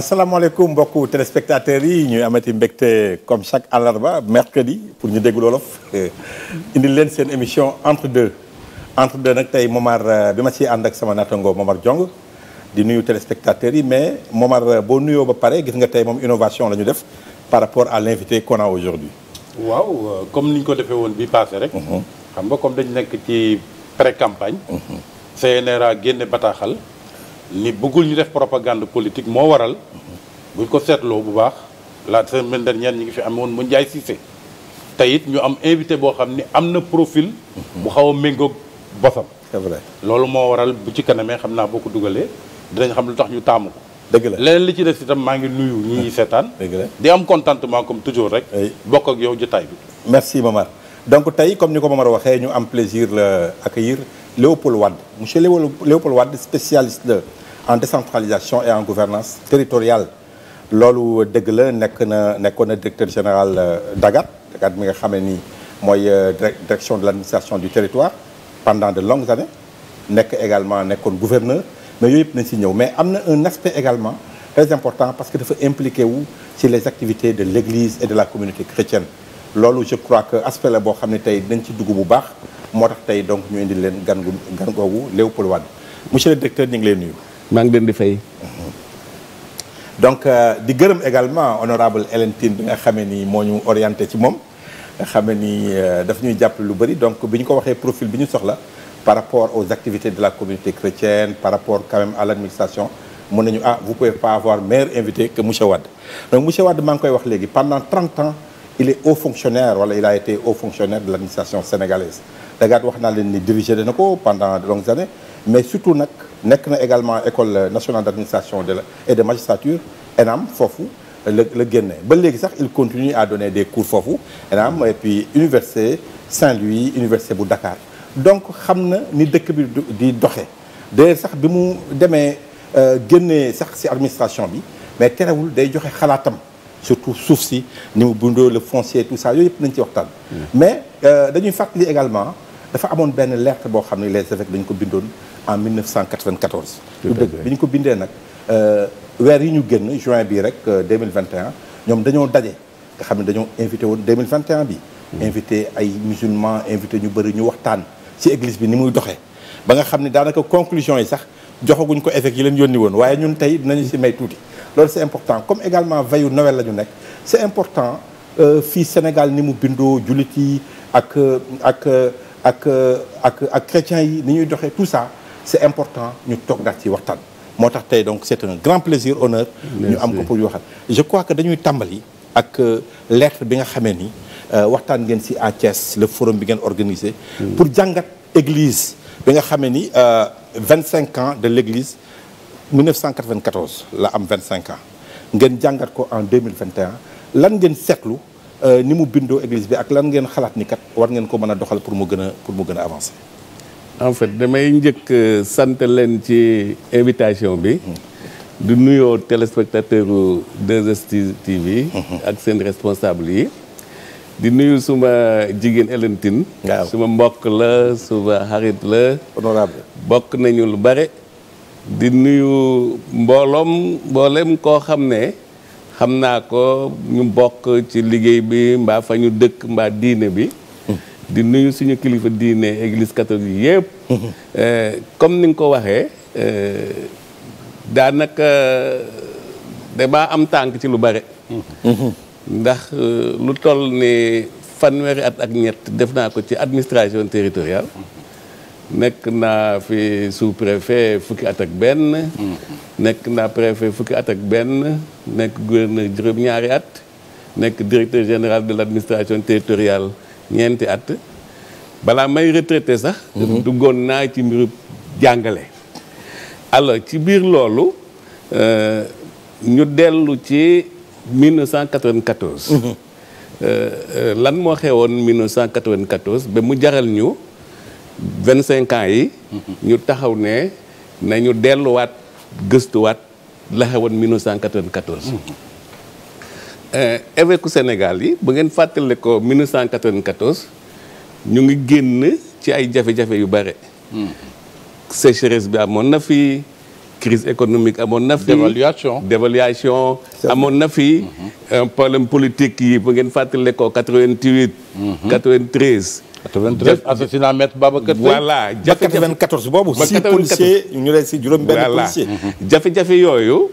asalaamaaleykum mbokku téléspectateurs yi ñuy amati mbégte comme chaque àllarba mercredi pour ñu dégg wolof eh, indi leen seen émission entre deux entre deux nag tey Momar euh, bi ma si ànd ak sama naataango Momar Jong di nuyu téléspectateurs yi mais Momar euh, boo nuyoo ba pare gis nga tey moom innovation la ñu def par rapport à l'invité qu'on a aujourd'hui waaw euh, comme ni ñu ko defee woon bi passé rek. Mhm. xam nga comme dañ nekk ci pré campagne. Mhm. CNRA génne bataaxal. ni bëggul ñu def propagande politique moo waral buñ ko seetloo bu baax la semaine dernière ñi ngi fi amoon mu Ndiaye siise te it ñu am invité boo xam ni am na profil mu xaw a méngoog bosam c'est loolu moo waral bu ci kanamee xam naa boo ko dugalee dinañ xam lu tax ñu taamu ko dëgg la leneen li ci des itam maa ngi nuyu ñi seetaan dëgg di am contentement comme toujours rek bokk ak yow jotaay bi merci Momar donc tey comme ni ko Momar waxee ñu am plaisir la accueillir Léopold Wade monsieur Léopold Wade spécialiste la en décentralisation et en gouvernance territoriale loolu dégg la nekk na nekkoon na directeur général euh, d'AGAT AGAT mi nga xamee ni mooy euh, direction de l'administration du territoire pendant de longues années nekk également nekkoon gouverneur mais yooyu yëpp nañ si ñëw mais am na un aspect également très important parce que dafa impliqué wu ci les activités de l'église et de la communauté chrétienne loolu je crois que aspect la boo xam ne tey dañ ci dugg bu baax moo tax tey donc ñu indi leen gan gu gan googu Léopold Wade monsieur le directeur ñu ngi leen nuyu. maa ngi leen di fay. Mm-hmm. donc euh, di gërëm également honorable Hélène bi nga xamee nii moo ñu orienté ci moom nga xamee nii euh, dafa ñuy jàpp lu bëri donc bi ñu ko waxee profil bi ñu soxla par rapport aux activités de la communauté chrétienne par rapport quand même à l'administration mën nañu ah vous pouvez pas avoir meilleur invité que monsieur Wade donc maa ngi koy wax léegi pendant 30 ans il wala il a été haut fonctionnaire de l'administration Dagaat wax naa leen ni dirigé na ko pendant de longues années mais surtout nag nekk na également école nationale d' administration de la et de magistrature ENAM foofu la la génne ba léegi sax il continue à donner des cours foofu ENAM et puis université Saint-Louis université bu Dakar donc xam na ni dëkk bi di doxee d'ailleurs sax bi mu demee euh, génnee sax ci administration bi mais terewul day joxe xalaatam surtout suuf si ni mu bindoo le foncier tout ça yooyu yëpp nañ ci waxtaan mm. mais euh, dañuy fàttali également dafa amoon benn lettre boo xam ne les évêques dañ ko bindoon en 1994. tout à fait dëgg bi ñu ko bindee nag euh, weer yi ñu génn juin bii rek 2021 euh, ñoom dañoo daje nga xam ne dañoo invité woon 2021 bi. Mm. invité ay musulmans invité ñu bëri ñu waxtaan ci église bi ni muy doxee ba nga xam ne daanaka conclusion yi sax joxaguñ ko évêques yi leen yónni woon waaye ñun tey dinañu ci may tuuti. loolu c'est important comme également veillu Noël la ñu nekk c'est important euh, fii Sénégal ni mu bindoo jullit yi ak ak. ak euh, ak ak chrétiens yi ni ñuy doxee tout ça c'est important ñu toog daal ci waxtaan. moo tax tey donc c'est un grand plaisir honneur. ñu am ko pour ñu waxtaan je crois que dañuy tàmbali ak euh, lettre bi nga xamee ni euh, waxtaan ngeen ci à Thiès le forum bi ngeen organisé. Hmm. pour jàngat église bi nga xamee ni vingt cinq ans de l'église 1994 la am 25 ans ngeen jàngat ko en 2021 lan ngeen seetlu. Euh, ni mu bindoo église bi ak lan ngeen xalaat ni kat war ngeen ko mën a doxal pour mu gën a pour mu gën a avancer. en fait damay njëkk euh, sant leen ci invitation bi. Hmm. du nuyoo téléspectateur 2STV. Hmm. ak seen responsable yi. di nuyu suma jigéen Hélène Tine suma mbokk la suma xarit la honorable bokk nañu lu bare di nuyu mbooloom mboolem koo xam ne xam naa ko ñu bokk ci liggéey bi mbaa fa ñu dëkk mbaa diine bi di nuyu suñu kilifa diine église catholique yëpp eh, comme ni nga ko waxee eh, daanaka damaa am tànk ci lu bare ndax eh, lu toll ni fanweeri at ak ñett def naa ko ci administration territorial nekk naa fi sous-préfet fukki at ak benn. nekk naa préfet fukki at ak benn nekk gouverneur juróom-ñaari at. nekk directeur général de l'administration territoriale ñeenti at. balaa may retraité sax. Mhm. duggoon naa ci mbiru jàngale. alors ci biir loolu euh, ñu dellu ci 1994. Mhm. Euh, euh, lan moo xewoon 1994 ba mu jaral ñu. vingt cinq ans yi ñu taxaw ne nañu delluwaat gëstuwaat la xewoon 1994 eh, évêque Sénégal yi bu ngeen fàttale ko 1994 ñu ngi génn ci ay jafe-jafe yu bare hmm. sécheresse bi amoon na fi crise économique amoon na fi dévaluation amoon na fi hmm. problème politique yi bu ngeen fàttale ko 88 93 hmm. 93 assassinat maître Babacar voilà ba 94 boobu. ba 94 six policiers ñu ne si juróom benn policier. Mm-hmm. jafe-jafe yooyu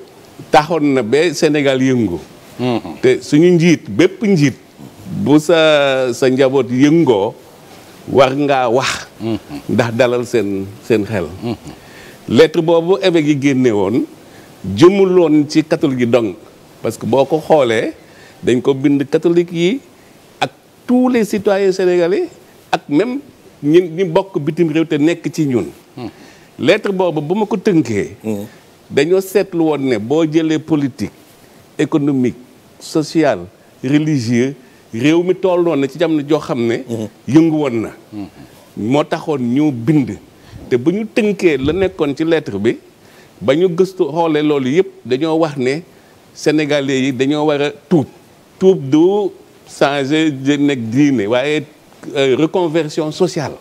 taxoon na ba Sénégal yëngu. Mm-hmm. te suñu njiit bépp njiit. bu sa sa njaboot yëngoo war ngaa wax. Mm-hmm. ndax dalal seen seen xel. lettre boobu évêque yi génne woon jëmuloon ci catholique yi dong parce que boo ko xoolee dañ ko bind catholique yi ak tous les citoyens sénégalais. ak même ñi ñi bokk bitim réew te nekk ci ñun. lettre boobu bu ma ko tënkee. dañoo seetlu woon ne boo jëlee politique économique social religieux réew mi tolloon na ci jamono joo xam ne. yëngu woon na. moo taxoon ñu bind. te bu ñu tënkee la nekkoon ci lettre bi ba ñu gëstu xoolee loolu yëpp dañoo wax ne sénégalais yi dañoo war a tuub. tuub du changer jën ak diine waaye. Euh, reconversion sociale.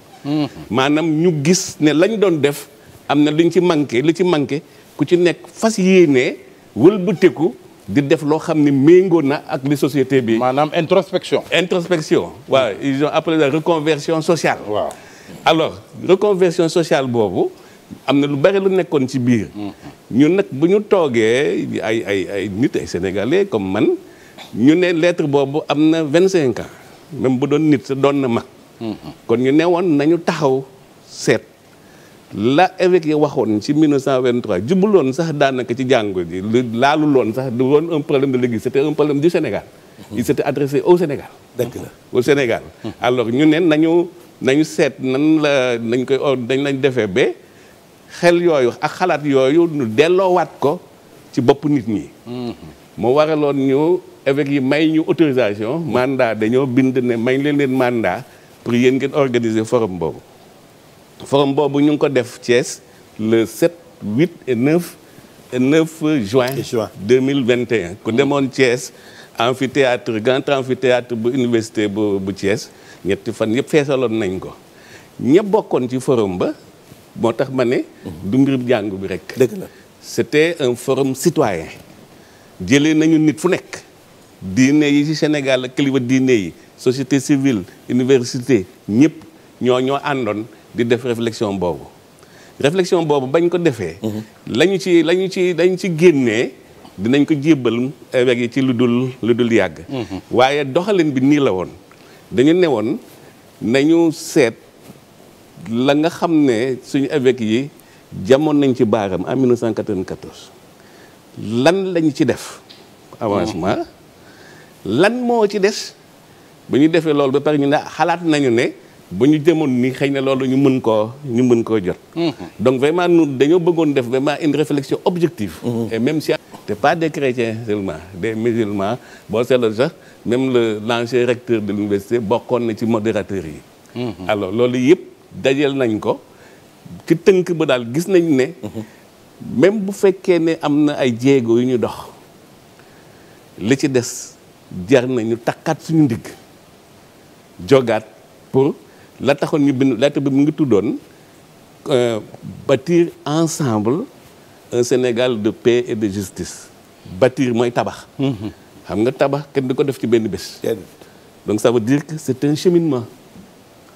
maanaam ñu gis ne lañ doon def am na luñ ci manqué lu ci manqué ku ci nekk fas yéenee wëlbatiku di def loo xam ne méngoo na ak li société bi. maanaam introspection. introspection waaw ils ont appelé la reconversion sociale. waaw alors reconversion sociale boobu. am na lu bari lu nekkoon ci biir. ñu nag bu ñu toogee ay ay ay nit ay sénégalais comme man ñu ne lettre boobu am na vingt cinq même bu doon nit sa doon na mag mhm. kon ñu ne woon nañu taxaw seet la évêque yi waxoon ci 1923 jubbuloon sax daanaka ci jàngo ji laalu loon sax du woon un problème de l'église c'était un problème du Sénégal mhm. il s'était adressé au Sénégal dëgg la au Sénégal mhm. alors ñu ne nañu nañu seet nan la nañ koy or dañ lañ defee ba xel yooyu ak xalaat yooyu ñu delloowaat ko ci boppu nit ñi moo waraloon ñu évêques yi may ñu autorisation mandat dañoo bind ne may leen leen mandat pour yéen ngeen organiser forum boobu forum boobu ñu ngi ko def Thiès le 7 8 et 9 et 9 juin 2021 ku demoon Thiès amphithéâtre grand amphithéâtre bu université bu bu Thiès ñetti fan yëpp feesaloon nañ ko ñëpp bokkoon ci forum ba moo tax ma ne du mbirum jàng bi rek dëgg la un forum citoyen jële nañu nit fu nekk diine yi ci Sénégal ak kilifa diine yi société civile université ñëpp ñoo ñoo àndoon di def réflexion boobu réflexion boobu bañ ko defee mhm. lañu ci lañu ci dañ ci génnee dinañ ko jébbal évêques yi ci lu dul lu dul yàgg mhm. waaye doxalin bi nii la woon dañu ne woon nañu seet la nga xam ne suñu évêques yi jamoon nañ ci baaram en 1994 lan lañ ci def mhm. lan moo ci des ba ñu defee loolu ba pare ñu ne xalaat nañu ne ba ñu jëmoon ni xëy na loolu ñu mën koo ñu mën koo jot. Mm-hmm. donc vraiment nous dañoo bëggoon def vraiment une réflexion objective. Mm-hmm. et même si te pas des chrétiens seulement des musulmans boo seetloo sax même le l'ancien recteur de l'université bokkoon na ci modérateur yi. Mm-hmm. alors loolu yëpp dajeel nañ ko ci tënk ba daal gis nañ ne. même bu fekkee ne am na ay jéego yu ñu dox li ci des. jar na ñu takkaat suñu ndigg jogaat pour la taxoon ñu bind lettre bi mu ngi tuddoon euh, bâtir ensemble un Sénégal de paix et de justice bâtir mooy tabax mhm. xam nga tabax kenn du ko def ci benn bés donc ça veut dire que c'est un cheminement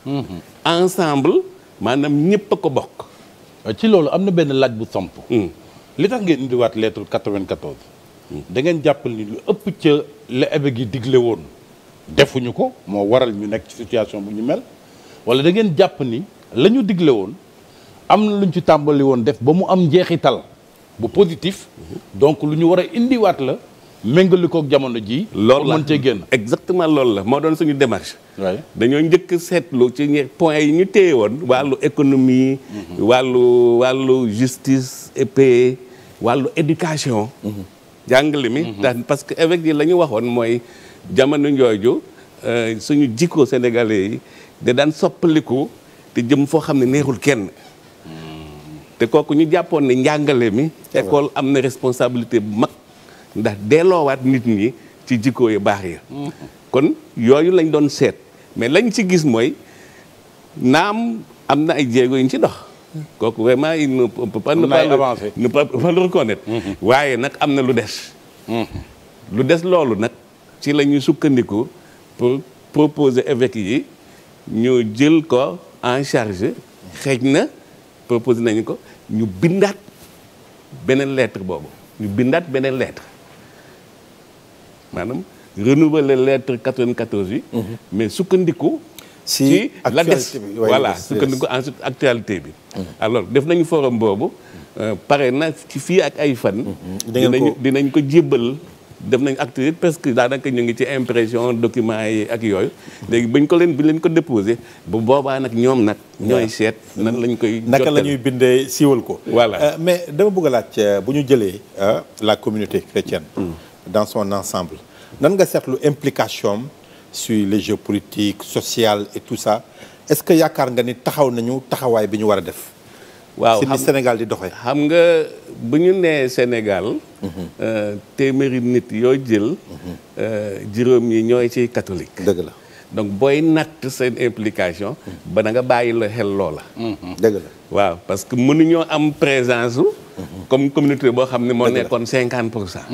mmh. ensemble maanaam ñëpp a ko bokk euh, ci loolu am na benn laaj bu samp hmm. li tax ngeen indiwaat lettre 94 da ngeen jàppal ni lu ëpp ca la ebe gi digle woon defuñu ko moo waral ñu nekk ci situation bu ñu mel wala da ngeen jàpp ni la ñu digle woon am na lu ñu ci tàmbali woon def ba mu am njeexital bu positif donc lu ñu war a indiwaat la méngali koog jamono ji loolu mën cee génn exactement loolu la moo doon suñu démarche waaye dañoo njëkk seetlu ci point yi ñu téye woon wàllu économie mhm. wàllu wàllu justice et paix wàllu éducation mhm. jàngale mi mhm. ndax parce que évêque yi la ñu waxoon mooy jamono njooju euh, suñu jikko sénégalais yi da daan soppaliku te jëm foo xam ne neexul kenn mhm. te kooku ñu jàppoon ne njàngale mi école am na responsabilité bu mag ndax delloowaat nit ñi ci jikko yu baax yi mhm. kon yooyu lañ doon seet mais lañ ci gis mooy naam am na ay jéego yuñ ci ndox kooku vraiment il ne peut pas ne pas ne pas le reconnaître mm-hmm. waaye nag am na lu des mm-hmm. lu des loolu nag ci la ñuy sukkandiku pour proposer évêque yi ñu jël ko en charge xëj na proposé nañu ko ñu bindaat beneen lettre boobu ñu bindaat beneen lettre maanaam renouveler lettre 94 bi mm-hmm. mais sukkandiku si la des voilà sukkandiku ensuite actualité bi mm-hmm. alors def nañu forum boobu euh, pare nag ci fii ak ay fan mm-hmm. dinañ dinañ ko jébbal def nañ acte yi parce que daanaka ñu ngi ci impression document yi ak yooyu mm-hmm. léegi bañ ko leen bi leen ko déposé bu boobaa nag ñoom nag ñooy seet nan lañ koy nag la ñuy bindee siiwal ko voilà euh, mais dama bëgg a laaj euh, bu ñu jëlee la communauté chrétienne mm. dans son ensemble nan nga seetlu implication sur les jeux politiques social et tout ça est-ce que yaakaar nga ni taxaw nañu taxawaay bi ñu war a def. waaw si ni Sénégal di doxe xam nga bu ñu nee Sénégal. Mhm. Euh, téeméeri nit yoo jël. Mhm. Euh, juróom yi ñooy ci catholique. dëgg la donc booy natt seen implication. Mhm. ba na nga bàyyi la xel loola. dëgg la waaw parce que mënuñoo am présence su. comme communauté boo xam ne moo nekkoon cinquante pour cent.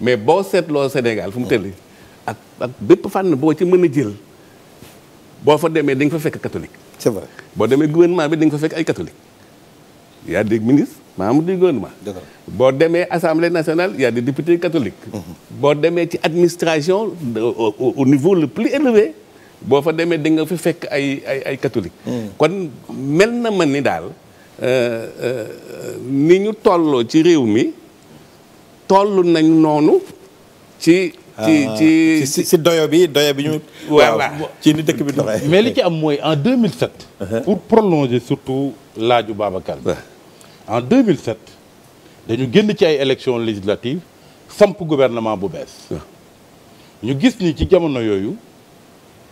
mais boo seetloo Sénégal fu mu tëdd. ak bépp fànn boo ci mën a jël boo fa demee dañ fa fekk catholique. c'est vrai boo demee gouvernement bi dañ fa fekk ay catholique y a des ministres membres du gouvernement. boo demee assemblée nationale y a des mhm. boo demee ci administration au niveau le plus élevé boo fa demee di nga fa fekk ay ay ay catholique. Mhm. kon mel na man ni daal euh, euh, ni ñu tolloo ci réew mi toll nañ noonu ci. Euh, ci ci doyo bi doyo bi ñu. waaw ci ni dëkk bi doxee. mais li ci am mooy en 2007. Uh-huh. pour prolonger surtout laaju Babacar. en 2007 dañu génn ci ay élections législatives samp gouvernement bu bees. ñu gis ni ci jamono yooyu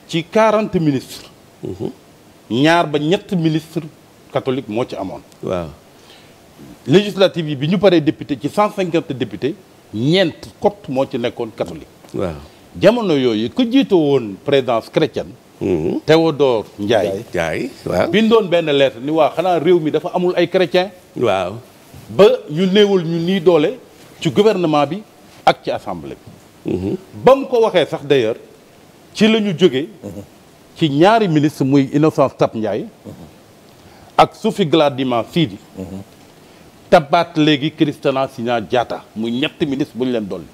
ci quarante ministres. Uh-huh. ñaar ba ñett ministre catholique moo ci amoon. waaw législative yi bi ñu paree député ci cent 150 députés ñeent kott moo ci nekkoon catholique. waaw jamono yooyu ku jiitu woon présidence chrétienne. Mhm. Théodore Ndiaye. Ndiaye bindoon benn lettre ni waa xanaa réew mi dafa amul ay chrétien. waaw ba ñu néewal ñu nii doole ci gouvernement bi ak ci assemblée bi. Mhm. ba mu ko waxee sax d'ailleurs ci lañu jóge mhm. ci ñaari ministre muy Innocence Ntap Ndiaye. ak Sophie Gladima Sidi. tabaat léegi si Sina jaata muy ñetti ministre bu ñu leen dolli.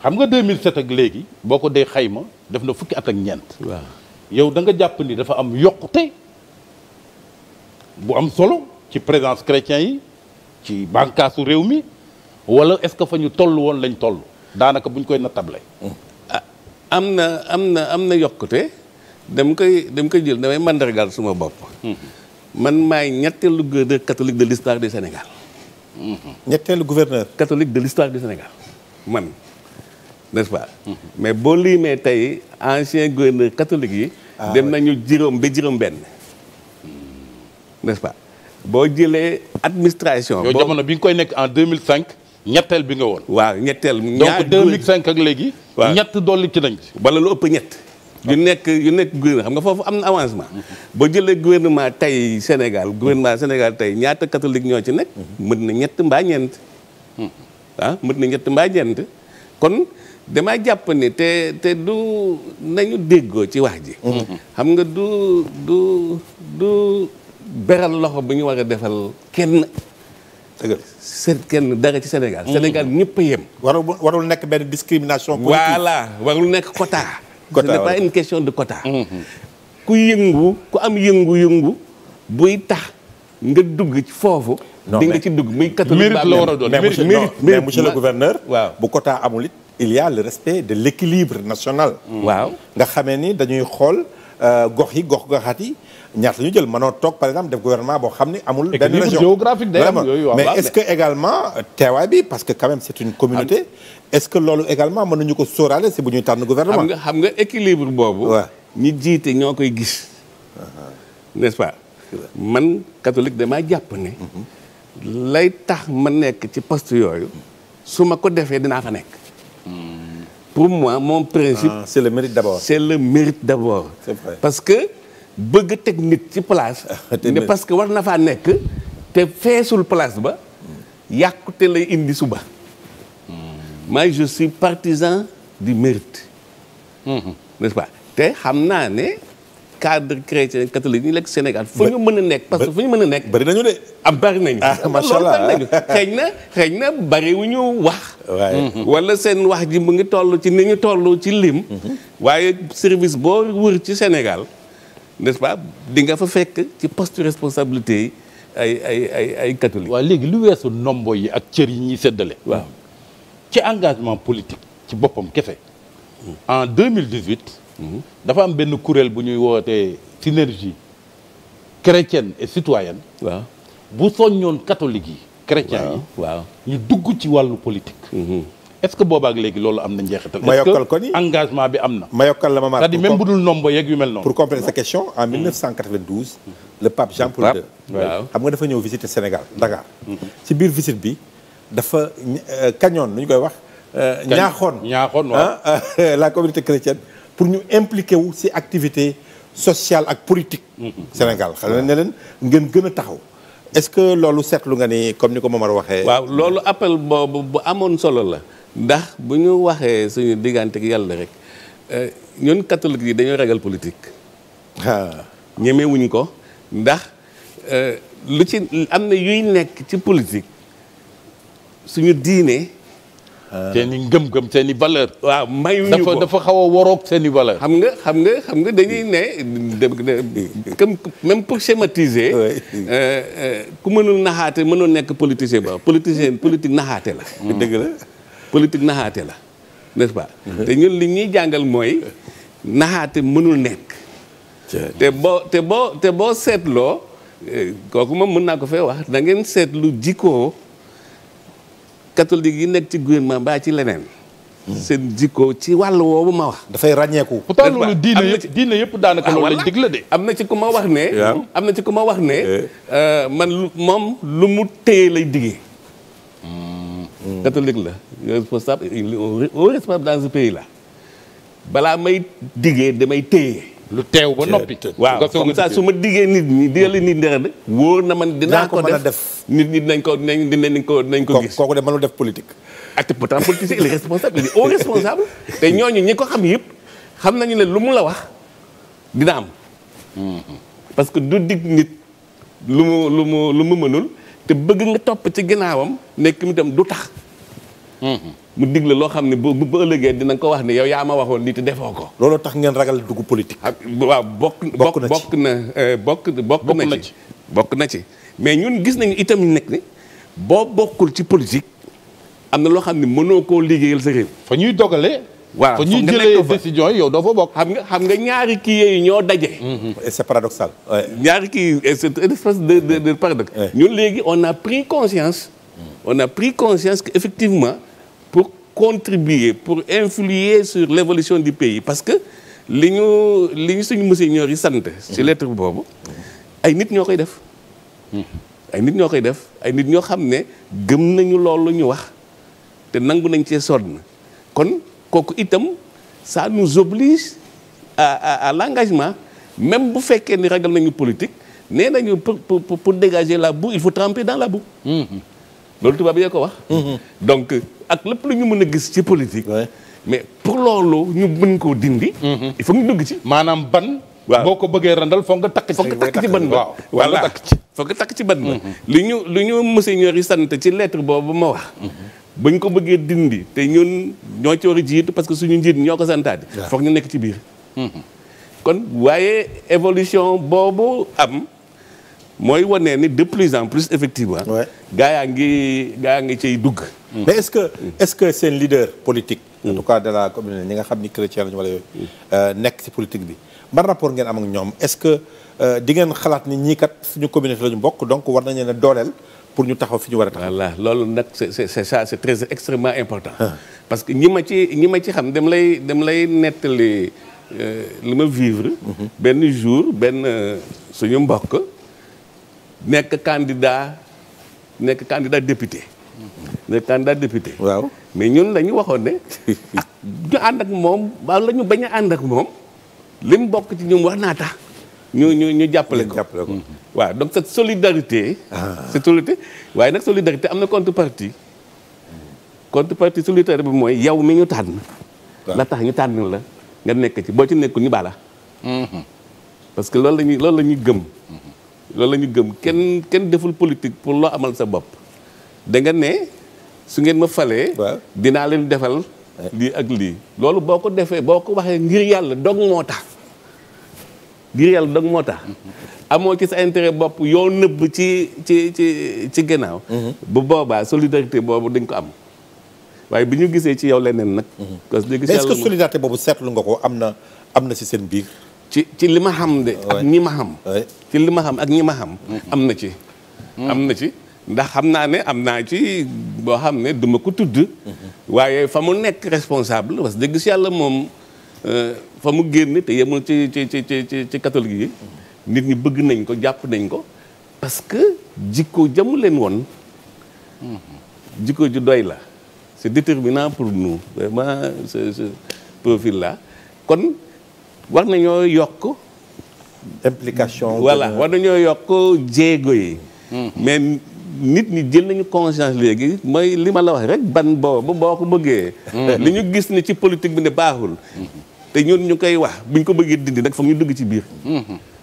xam nga 2007 ak léegi boo ko dee xayma def na fukki at ak ñeent. waaw yow danga jàpp nii dafa am yokkute bu am solo ci présence chrétien yi ci bànkaasu réew mi wala est fa ñu toll woon lañ toll daanaka buñ koy nattable. Ah, am na am na am na yokkute dama koy dama koy jël damay mandargaal suma bopp. Hmm. man maay hmm. ñetteelu gouverneur catholique de l'histoire de Sénégal. ñetteelu gouverneur. catholique de l'histoire de Sénégal man. nest mais boo liimee tey ancien gouverneur catholique yi. Ah dem nañu juróom ba juróom-benn n'est-ce pas. boo jëlee administration. boo jamono bi nga koy nekk en 2005 ñetteel bi nga woon. waaw ñetteel ñaar donc 2005 ak léegi. waaw ñett dolli ci nañ ci. wala lu ëpp ñett. yu ah. nekk yu nekk gouverneur xam nga foofu am na avancement. boo jëlee gouvernement tey Sénégal gouvernement Sénégal tey ñaata catholique ñoo ci nekk. Mhm. mën na ñett mbaa ñeent. Hmm. Ah, mën na ñett mbaa ñeent kon. damay jàpp ni te te du nañu déggoo ci wax ji. Mhm. xam nga du du du beral loxo bu ñu war a defal kenn. dëgg kenn dara ci Sénégal. Mhm. Sénégal ñëpp a yem. warul warul nekk benn discrimination. politique voilà warul nekk quota. quota ce question de quota. Mhm. ku yëngu ku am yëngu-yëngu buy tax nga dugg foofu. di nga ci dugg muy catholique. mérite la war a doon mérite mais monsieur le bu quota amul it. il y a le respect de l'équilibre national. Mm. waaw nga xamee ni dañuy xool euh, gox yi gox goxaat yi ñaata ñu jël mënoo toog par exemple def gouvernement boo xam ne amul. benn région géographique day am yooyu mais est-ce que également euh, teewaay bi parce que quand même c'est une communauté. est-ce ko sóoraale si bu ñuy tànn gouvernement. xam nga xam nga équilibre boobu. waaw jiite ñoo koy gis. Uh-huh. n'est-ce pas. man catholique damaa jàpp ne. Mm-hmm. lay tax ma nekk ci poste yooyu. su ma ko defee dinaa fa nekk. pour moi mon principe. Ah, c'est le mérite d'abord. c'est le mérite d'abord. c'est parce que bëgg teg nit ci place. Ah, parce que war na faa nekk te feesul place ba yàqute lay indi suba. moi je suis partisan du mérite. te xam naa ne. cadre chrétien catholique yi nekk Sénégal fu ñu mën a nekk parce que fu ñu mën a nekk bëri nañu de am ah, bari nañu ah, macha allah bëri nañu xëy na xëy na bëri wu ñu wax mm-hmm. wala seen wax ji mu ngi toll ci ni ñu toll ci lim mm-hmm. waaye service boo wër ci Sénégal nest pas di nga fa fekk ci poste responsabilité yi ay ay ay ay catholique waaw léegi lu weesu nombo yi ak cër yi ñuy séddale waaw ci engagement politique ci boppam kefe mm. en 2018 Mhm. dafa am benn kuréel bu ñuy wootee synergie chrétienne et citoyenne. waaw bu soññoon catholique yi. chrétiens yi waaw ñu dugg ci wàllu politique. Mhm. est-ce que boobaak léegi loolu am na njeexital. ma yokkal ko ni engagement bi am na. ma yokkal la ma maat c'est-à-dire yu mel noonu. pour compléter sa question en 1992. Mhm. le pape Jean Paul II. xam nga dafa ñëw visiter Sénégal Dakar. si biir visite bi dafa euh, kañoon nu ñu koy wax. Euh, ñaaxoon ñaaxoon waaw ah, la communauté chrétienne. pour ñu impliqué wu ci activité sociale ak politique. Sénégal xam nga ne leen ngeen gën a taxaw. est-ce que loolu seetlu nga ni comme ni ko Momar waxee. waaw loolu appel boobu bu amoon solo la ndax bu ñu waxee suñu diggante ak yàlla rek euh, ñun catholique yi dañoo ragal politique. ah ñemewuñ ko ndax euh, lu ci am na yuy nekk ci politique suñu diine. Euh, seen i ngëm-ngëm seen valeur waaw mayuñu ko dafa dafa xaw a waroog seen i valeur xam nga xam nga xam nga dañuy ne comme même pour schématiser euh, euh, ku mënul naxaate mënul nekk politicien ba politicien politique naxaate la mm. dëgg la politique naxaate la n'est-ce pas mm-hmm. te ñun li ñuy jàngal mooy naxaate mënul nekk te boo te boo te boo seetloo kooku moom mën naa ko fee wax da ngeen seetlu jikkoo catholique yi nekk ci gouvernement baa ci leneen. seen jikko ci wàll woowu ma wax. dafay ràññeeku. pourtant loolu diine yëpp diine yëpp daanaka ah, loolu lañ digle de. am na ci ku ma wax ne. am na ci ku ma wax ne. Euh, man lu moom lu mu téye lay digee. Mm. catholique la responsable au responsable dans ce pays là balaa may digee damay téye. lu teew ba noppi. waaw comme ça su ma diggee nit ñi diggale nit dara de. wóor na man dinaa ko def nit ñi dinañ ko dinañ dinañ ko dinañ ko gis. kooku de mënul def politique. ak ah, pourtant politique il responsable il est haut responsable. te ñooñu ñi ko xam yëpp xam nañu leen lu mu la wax dina am. parce que du dig nit lu mu lu mu lu mu mënul te bëgg nga topp ci ginnaawam nekk mi tam du tax. mu dig loo xam ne bu bu ëllëgee dina ko wax ne yow yaa ma waxoon lii te defoo ko. looloo tax ngeen ragal dugg politique. waaw euh, bokk bokk bokk na bokk bokk na ci bokk na ci. mais ñun gis nañu itam nekk ni boo bokkul ci politique am na loo xam ne mënoo koo liggéeyal sa réew. fa ñuy dogalee. waaw fa ñuy jëlee yi yow doo fa bokk. xam nga xam nga ñaari kii ñoo daje. Mm-hmm. et c'est paradoxal. ñaari kii c'est une espèce ñun léegi on a pris conscience. on a pris conscience que effectivement. contribuer pour influer sur l'évolution du pays parce que li ñu li ñu suñu monsieur ñor yi sant. ci lettre boobu ay nit ñoo koy def. ay nit ñoo koy def ay nit ñoo xam ne gëm nañu loolu ñu wax te nangu nañ cee sonn kon kooku itam ça nous oblige à à l'engagement même bu fekkee ni ragal nañu politique nee nañu pour pour pour dégager la boue il faut tremper dans la boue. Mm-hmm. loolu tubaab yee ko wax. Mm-hmm. ak lépp lu ñu mën a gis ci politique. mais pour loolu ñu mën koo dindi. Mm-hmm. il faut ñu dugg ci. maanaam ban. waaw boo ko bëggee randal foog nga takk ci. foog ban ba voilà foog nga takk ci ban ba. Mm-hmm. li ñu li ñu sant ci lettre boobu ma wax. Mm-hmm. bañ ko bëggee dindi te ñun ñoo ci war parce que suñu njiit ñoo ko santaat. foog ñu nekk ci biir. kon waaye évolution boobu am. mooy wane ni de plus en plus effectivement. gaa yaa ngi gaa yaa ngi ciy dugg. Mm. mais est-ce que seen leader politique. Mm. en tout cas de la communauté ñi nga xam ni chrétien lañu wala yooyu. Mm. Euh, nekk ci politique bi ban rapport ngeen am ak ñoom est-ce que euh, dingeen ngeen xalaat ni ñii kat suñu communauté lañu mbokk donc war nañu ne dooleel pour ñu taxaw fi ñu war a taxaw. voilà loolu nag c'est c'est ça c'est très extrêmement important. Ah. parce que ñi ma ci ñi ma ci xam dem lay dem lay nettali euh, li ma vivre. Mm-hmm. benn jour benn suñu mbokk. nekk candidat nekk candidat député. nekk candidat député. waaw mais ñun la ñu waxoon ne ak ah, ñu ànd ak moom waaw la ñu bañ a ànd ak moom lim bokk ci ñun wax naa tax ñu ñu ñu jàppale ko jàppale ko. waaw donc cette solidarité. Ah. cette solidarité waaye nag solidarité am na contrepartie. contrepartie solidarité bi mooy yow mi ñu tànn. la tax ñu tànn la nga nekk ci boo ci nekkul ñu bala mm-hmm. parce que loolu lañu ñuy loolu la ñuy gëm. Mm-hmm. loolu la gëm kenn kenn deful politique pour loo amal sa bopp danga ne su ngeen ma falee dinaa leen defal lii ak lii loolu boo ko defee boo ko waxee ngir yàlla dog moo tax ngir yàlla dog moo tax amoo ci sa intérêt bopp yoo nëbb ci ci ci ci gannaaw mhm. bu boobaa solidarité boobu dañ ko am waaye bi ñu gisee ci yow leneen nag mhm. parce que est que solidarité boobu seetlu nga ko am na am na ci seen biir ci ci li ma xam de. ak ñi ma xam. ci li ma xam ak ñi ma xam. am na ci. Hmm. am na ci ndax xam naa ne am naa ci boo xam ne duma ko tudd. Hmm. waaye fa mu nekk responsable parce que dëgg si yàlla moom euh, fa mu génn te yemul ci ci ci ci yi. nit ñi bëgg nañ ko jàpp nañ ko. parce que jikko jamu leen woon. Hmm. jikko ju doy la. c'est déterminant pour nous vraiment ce profil là kon. war nañoo yokk. implication. voilà war nañoo yokk jéego yi. Hmm. mais nit ñi jël nañu conscience léegi mooy li ma la wax rek ban boobu boo ko bëggee. Hmm. li ñu gis ni ci politique bi ne baaxul. Hmm. te ñun ñu koy wax buñ ko bëggee dindi nag foog ñu dugg ci biir.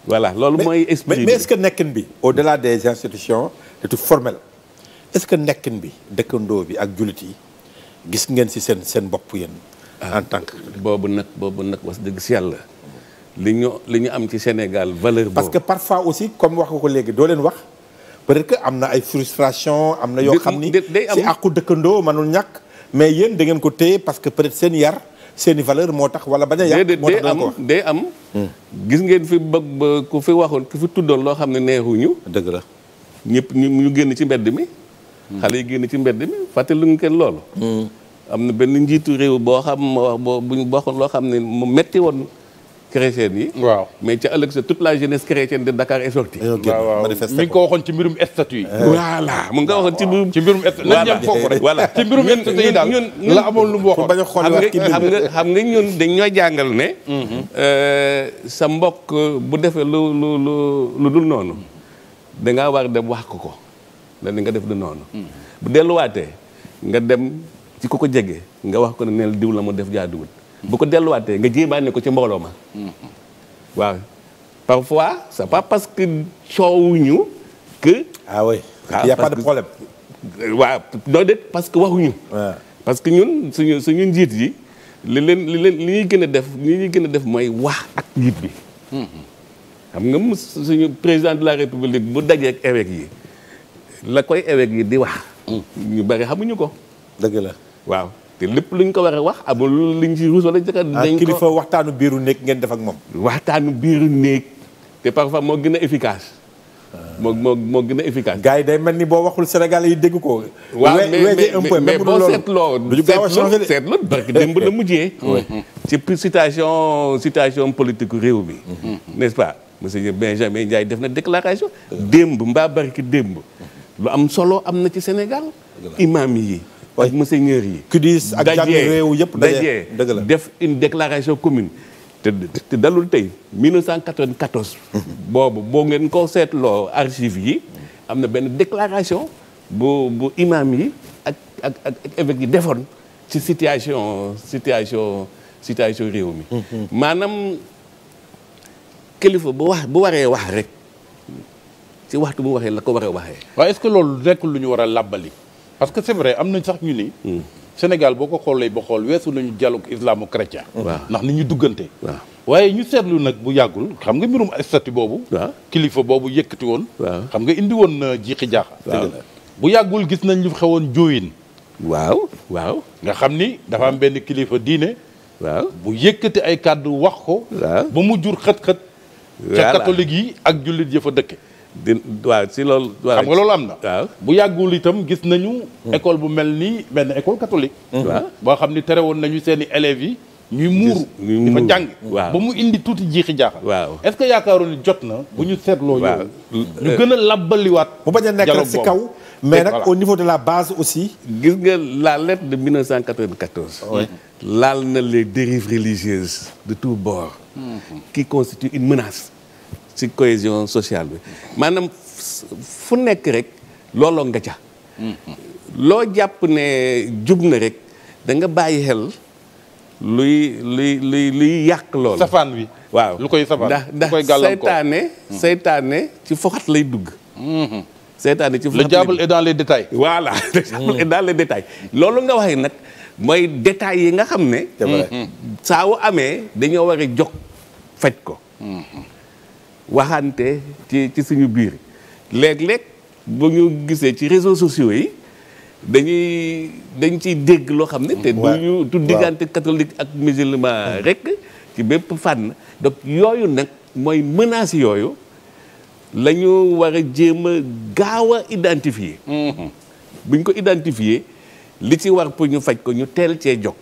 voilà loolu mooy. expliqué mais est-ce que nekkin bi au-delà des institutions de tout formel est-ce que nekkin bi dëkkandoo bi ak jullit yi gis ngeen ci seen seen bopp yéen. en ah, tant que boobu nag boobu nag wax dëgg si yàlla. li ñu li ñu am ci Sénégal valeur boobu. parce que parfois aussi comme wax nga ko léegi doo leen wax peut-être que am na ay frustration am na yoo xam ni ci àqu dëkkandoo manul ñàkk. mais yéen da ko téye parce que peut-être seen yar seeni valeur moo tax wala bañ a yar moo tax am day am hmm. gis ngeen fi bëgg ba ku fi waxoon ku fi tuddoon loo xam ne neexuñu. dëgg la ñëpp ñu ñu génn ci mbedd mi. Hmm. xale yi génn ci mbedd mi fàttaliñu kenn loolu. Hmm. am na benn njiitu réew boo xam wax boo buñ waxoon loo xam ne mu metti woon. chrétiens yi. waaw mais ca ëllëg sa tout la jeunesse chrétienne de Dakar est sortie. waaw manifester ko waxoon ci mbirum statut yi. Eh. voilà mu ngi ko waxoon ci mbirum. ci mbirum statut nañ ñam foofu rek. voilà ci mbirum statut yi daal lu mu waxoon. bañ a xam nga xam nga ñun dañ ñoo jàngal ne. Mhm. Euh, sa mbokk bu defee lu lu lu dul noonu da ngaa dem wax ko ko ne nga def du noonu. Mhm. bu delluwaatee nga dem ci ku ko jege nga wax ko ne neel diw la mu def jaaduwul. bu ko delluwaatee nga jéebaane ko ci mbooloo ma. waaw parfois c' est pas parce que coowuñu que. ah a ah, pas de waaw non déet parce que waxuñu. parce que ñun suñu suñu njiit yi li leen li leen li ñuy gën a def li ñuy gën a def mooy wax ak njiit bi. xam nga mu suñu président de la république bu dajee ak yi la koy évêque yi di wax. Hmm. ñu bëri xamuñu ko. dëgg la waaw. te lépp luñ ko war a wax amul luñ ci ruus wala jëkka ah, dañ ko kilifa waxtaanu biiru néeg ngeen def ak moom waxtaanu biiru néeg te parfois moo gën a efficace moo moo moo gën a efficace gars yi day mel ni boo waxul Sénégal yi dégg ko waaw mais un peu mais boo seetloo seetloo seetloo barki démb la mujjee ci situation situation politique réew bi mm-hmm. n'est-ce pas monsieur Benjamin Ndiaye def na déclaration démb mbaa barki démb lu am solo am na ci Sénégal imam yi waaye monseigneur yi. kudis ak jàng yëpp daje dëgg la def une déclaration commune. te te dalul tey 1994. boobu boo ngeen ko seetloo archive yi. am na benn déclaration bu bu yi ak ak ak évêque yi defoon ci situation situation situation réew mi. Mhm. maanaam kilifa bu wax bu waree wax rek ci waxtu bu waxee la ko waree waxee. waaye est-ce que loolu rek lu ñu war a làbbali. parce que c'est vrai am nañ sax ñu ni. Hmm. Sénégal boo ko xoolee ba xool weesu nañu dialogue islamo-chrétien. waaw ndax ni ñu duggante. waaye ñu seetlu nag bu yàggul xam nga mbirum statut boobu. waaw kilifa boobu yëkkati woon. xam nga indi woon na euh, jiixi jaaxa. bu yàggul gis nañ lu xewoon jooyin. waaw nga xam ni dafa am benn kilifa diine. bu yëkkati ay kàddu wax ko. ba mu jur xët-xët. ca catholique yi ak jullit ya fa dëkke waaw si loolu. waaw xam nga loolu am na. waaw bu yàggul itam gis nañu. Hmm. école bu mel nii benn école catholique. Hmm. Hmm. waaw boo xam ni tere woon nañu seen i élèves yi. ñuy muuru di fa jàng. ba mu indi tuuti jiixi jaaxal. waaw est ce que yaakaaroon ni jot na. bu ñu seetloo yooyu. ñu euh, gën a labbaliwaat. mu bañ a nekk rek kaw. mais nag au niveau de la base aussi. gis nga la lettre de 1994. laal na les dérives religieuses de tous bords. qui constituent une menace. ci cohésion sociale bi maanaam fu nekk rek looloo nga ca loo jàpp ne jub na rek danga bàyyi xel luy luy luy luy yàq loolu safaan wi waaw lu koy safaan ndax ndax seytaane hmm. seytaane ci foxat lay dugg hmm. seytaane ci foxat le diable est dans les détails voilà le diable hmm. loolu nga waxee nag mooy détails yi nga xam ne saa amee dañoo war jox faj ko waxante ci ci suñu biir léeg-léeg bu ñu gisee ci réseau sociaux yi dañuy dañ ciy dégg loo xam ne te duñu du diggante catholique ak musulman mm. rek ci bépp fànn donc yooyu nag mooy menace yooyu lañu war a jéem a gaaw a identifier mm-hmm. buñ ko identifier li ci war pour ñu faj ko ñu teel cee jóg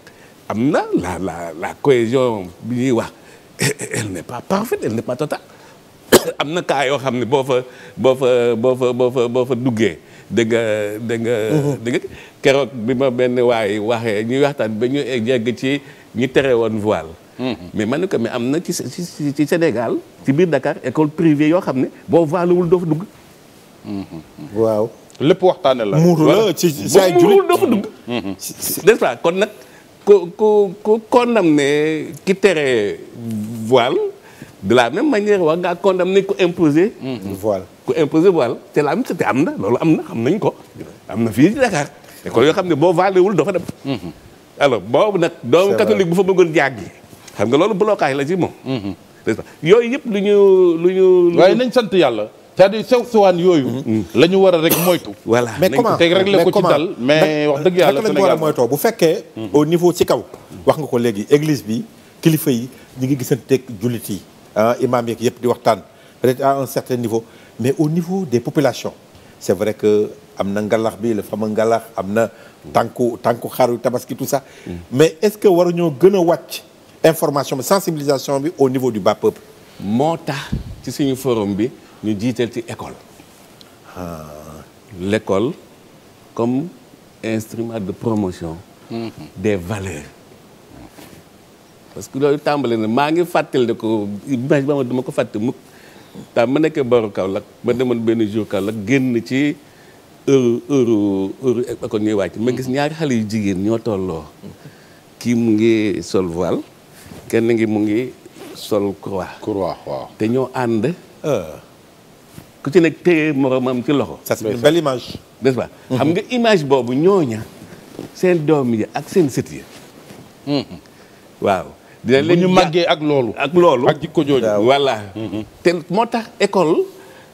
am na la la la cohésion bi ñuy wax elle n'est pas parfaite elle n'est pas totale am na cas yoo xam ne boo fa boo fa boo fa boo fa boo fa duggee da nga da nga mhm. da nga keroog bi ma benn waay waxee ñuy waxtaan ba ñu yegg ci ñu tere woon voile mhm. mais ma ne ko mais am na ci ci Sénégal ci biir Dakar école privée yoo xam ne boo voile wul doo fa dugg mhm. lépp waxtaane la la ci say jullit doo fa dugg n'est-ce kon nag ku ku ku condamné ki tere voile de la même manière war ngaa condamné ku imposé. Mm-hmm. voile ku imposé voile te la te am na loolu am na xam nañ ko am na fii ci Dakar école yoo xam ne boo voilé wul doo fa dem. Mm-hmm. alors boobu nag. doomu catholique bu fa bëggoon jàggi xam nga loolu blocage la ci moom. nest mm-hmm. yooyu yëpp lu ñu lu ñu. waaye nañ sant yàlla. c'est-à-dire sew sewaan yooyu. la ñu war a rek moytu. voilà mais comment teg rek la ko ci dal mais wax dëgg yàlla Sénégal la ñu bu fekkee. au niveau ci kaw. wax nga ko léegi église bi kilifa yi ñu ngi gisanteeg jullit yi. imaam yeeg yëpp di waxtaan peut-être à un certain niveau mais au niveau des populations c'est vrai que am na ngalax bi la fameux ngalax am na tànku tànku xaru tabaski tout ça mm. mais est-ce que waruñoo gën a wàcc information sensibilisation bi au niveau du bas moo tax ci suñu forum bi ñu jiital ci école ah. l'école comme instrument de promotion mm-hmm. des valeurs parce que loolu tàmbali na maa ngi fàttali ne ko image ba ma duma ko fàtte mukk tam ma nekkee booru Kaolack ma demoon benn jour Kaolack génn ci heure heure heure école ñuy ma gis ñaari xale yu jigéen ñoo tolloo kii mu ngi sol voile kenn ngi mu ngi sol croix. croix waaw te ñoo ah. ku ci nekk téye moromam ci loxo. ça c'est une image. n'est-ce pas mm-hmm. xam nga image boobu ñooña seen doom yi ak seen sët yi. Mm-hmm. bu ñu màggee ak loolu. ak loolu ak jikko jooju. voilà mm-hmm. te moo tax école.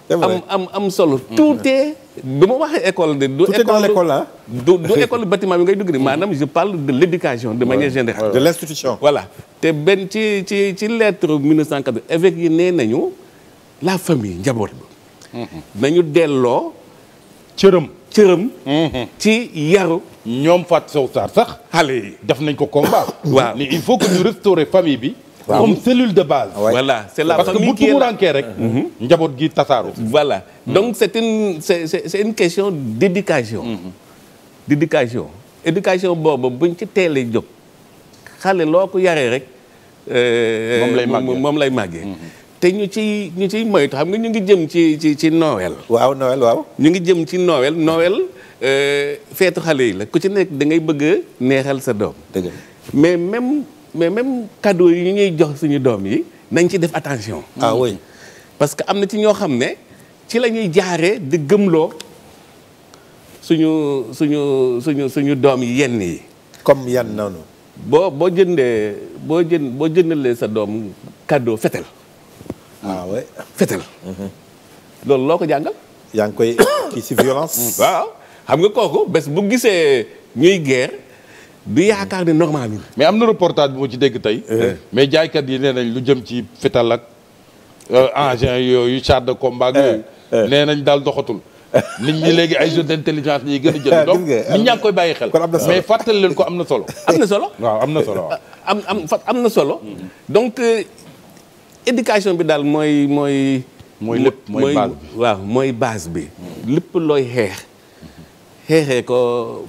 am am am solo mm-hmm. tuutee. du ma waxee école de. du école du du école bâtiment bi ngay dugg ni mm-hmm. maanaam je parle de l' de manière générale. de l' institution. voilà te benn ci ci ci lettre 1904 évêque yi nee nañu la famille njaboot nañu delloo cëram. cëram. Mhm. ci yaru. ñoom Fatou Sow Sarr sax. xale def nañ ko combat. waaw ni il faut que ñu restaurer famille bi. waaw comme cellule de base. voilà c'est la famille parce que bu tumurankee rek. Mhm. njaboot gi tasaaru. voilà donc c'est une question d'éducation. Mhm. d'éducation éducation boobu buñ ci teelee jóg xale loo ko yaree rek. Euh, moom lay moom lay màggee. te ñu ciy ñu ciy moytu xam nga ñu ngi jëm ci ci ci Noël. waaw Noël waaw. ñu ngi jëm ci Noël Noël euh, feetu xale yi la ku ci nekk da ngay bëgg a neexal sa doom. dëgg mais même mais même cadeau yi ñu ñuy jox suñu doom yi nañ ci def attention. ah oui parce que am na ci ñoo xam ne ci la ñuy jaaree di gëmloo suñu suñu suñu suñu doom yi yenn yi. comme yan noonu. boo boo jëndee boo jënd boo jëndalee sa doom cadeau fetel waaw waay fetal. loolu loo ko jàngal. yaa ngi koy kii si violence. Mm. waaw xam nga kooku bés bu gisee ñuy guerre. du yaakaar ne normal bi. mais am na reportage bu ma ci dégg tey. Eh. mais jaaykat yi nee nañ lu jëm ci fetal ak euh, engins yooyu char de combat. Eh, eh. nee nañ daal doxatul. nit ñu léegi ay jeux d'intelligence ñuy gën a jël. donc nit ñaa ngi koy bàyyi xel. mais fàttali leen ko am na solo. am na solo waaw am na solo. am am am na solo. Mm-hmm. donc. Euh, éducation bi daal mooy mooy. mooy lépp mooy base bi waaw mooy base bi. lépp looy xeex. xeexee ko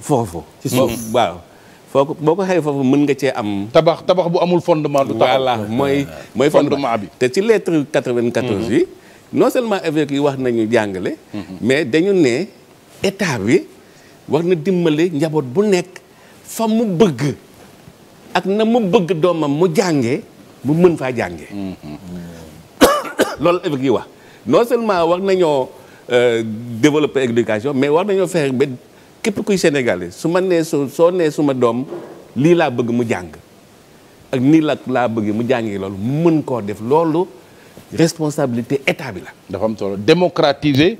foofu. ci suuf waaw. foo boo ko xeexee foofu mën nga cee am. tabax tabax bu amul fondement. du tabax mooy. mooy fondement bi te ci lettre 94 yi. Mhm. non seulement évêques yi wax nañu jàngale. Mhm. mais dañu ne état bi wax na dimbali njaboot bu nekk fa mu bëgg ak na mu bëgg doomam mu jànge bu mën faa jàngee. loolu évêque yi wax non seulement war nañoo euh, développer éducation mais war nañoo fexe ba képp kuy sénégalais su ma nee soo soo nee suma doom lii laa bëgg mu jàng ak nii la laa bëgg mu jàngee loolu mu mën koo def loolu responsabilité état bi la. dafa am solo démocratiser.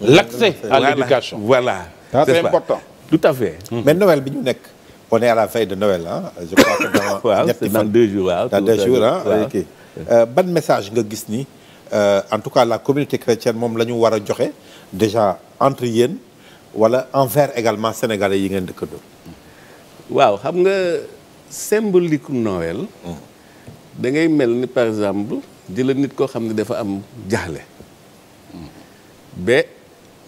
l'accès à l'éducation voilà, voilà. c'est important tout à fait. mais Noël bi ñu nekk. on est à la veille de Noël ah. je crois que euh, ban message nga gis ni euh, en tout cas la communauté chrétienne moom lañu ñu war a joxe déjà entre yéen wala envers également sénégalais yi ngeen dëkkandoo. waaw xam nga symbolique Noël. Hmm. da ngay mel ni par exemple jëla nit koo xam ne dafa am jaxle. Hmm. ba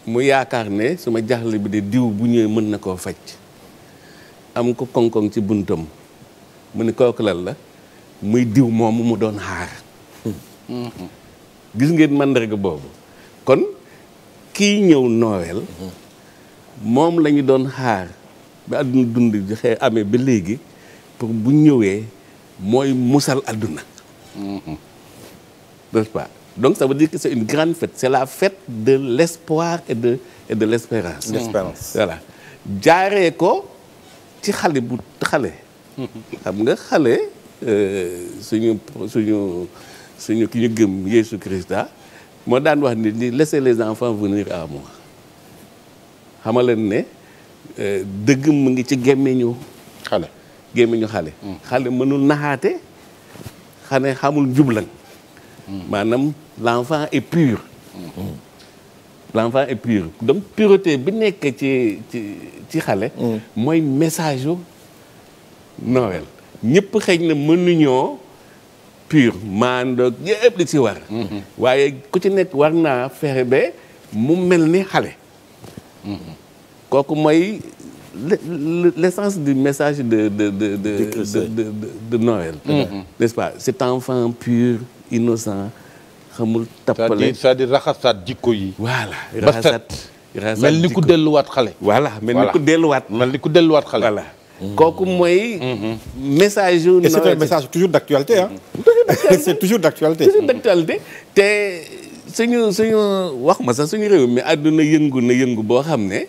mu yaakaar ne suma jaxle bi de diw bu ñëwee mën na koo faj. am ko koŋ-koŋ ci buntam mu ni kooku lan la muy diw moomu mu doon xaar mm-hmm. gis ngeen màndarga boobu kon kii ñëw noowel mm-hmm. moom la ñu doon xaar ba àdduna dund joxe amee ba léegi pour bu ñëwee mooy musal àdduna mm-hmm. n'est-ce pas donc ça dire que c'est une grande fête c'est la fête de l'espoir et de de l'espérance l'espérance jaaree ko ci xale bu xale. Mm-hmm. xam nga xale euh, suñu suñu suñu ki ñu gëm Yeesu Christa ah, moo daan wax nit ñi laissez les enfants venir à moi xamal leen ne euh, dëgg mu ngi ci gémmiñu xale gémmiñu xale. Mm. xale mënul naxaate xane xamul njublan mm. maanaam l'enfant est pur. Mm-hmm. l'enfant est pur donc pureté bi nekk ci ci ci mm. mooy message u Noël ñëpp na mënuñoo pur maandoog yëpp li ci war mm-hmm. waaye ku ci nekk war naa fexe ba mu mel ni xale mm-hmm. kooku mooy l'essence du message de de de de de de Noël mm-hmm. n'est-ce pas cet enfant pur innocent xamul tappale c'est-à-dire raxasaat jikko yi. voilà mel ni ku delluwaat xale. voilà mel delluwaat. mel ni ku delluwaat xale. voilà mm-hmm. kooku mooy. Mm-hmm. message yu. et c'est un message toujours d'actualité ah. toujours d'actualité. toujours d'actualité te suñu suñu wax ma sax suñu réew mi àdduna yëngu na yëngu boo xam ne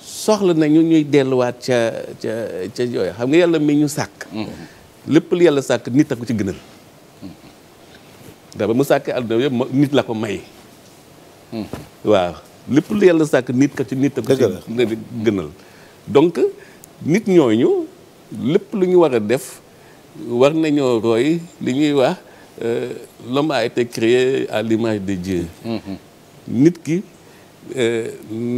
soxla nañu ñuy delluwaat ca ca ca yooyu xam nga yàlla mi ñu sàkk. Mm-hmm. lépp lu yàlla sàkk nit a ko ci gënal. ndax ba mu sàkk àdduna yëpp nit la ko may waaw lépp lu yàlla sàkk nit ka ci nit a ko ci gënal donc nit ñooñu lépp lu ñu war a def war nañoo roy li ñuy wax euh, l'homme a été à l'image de Dieu mm-hmm. nit ki euh,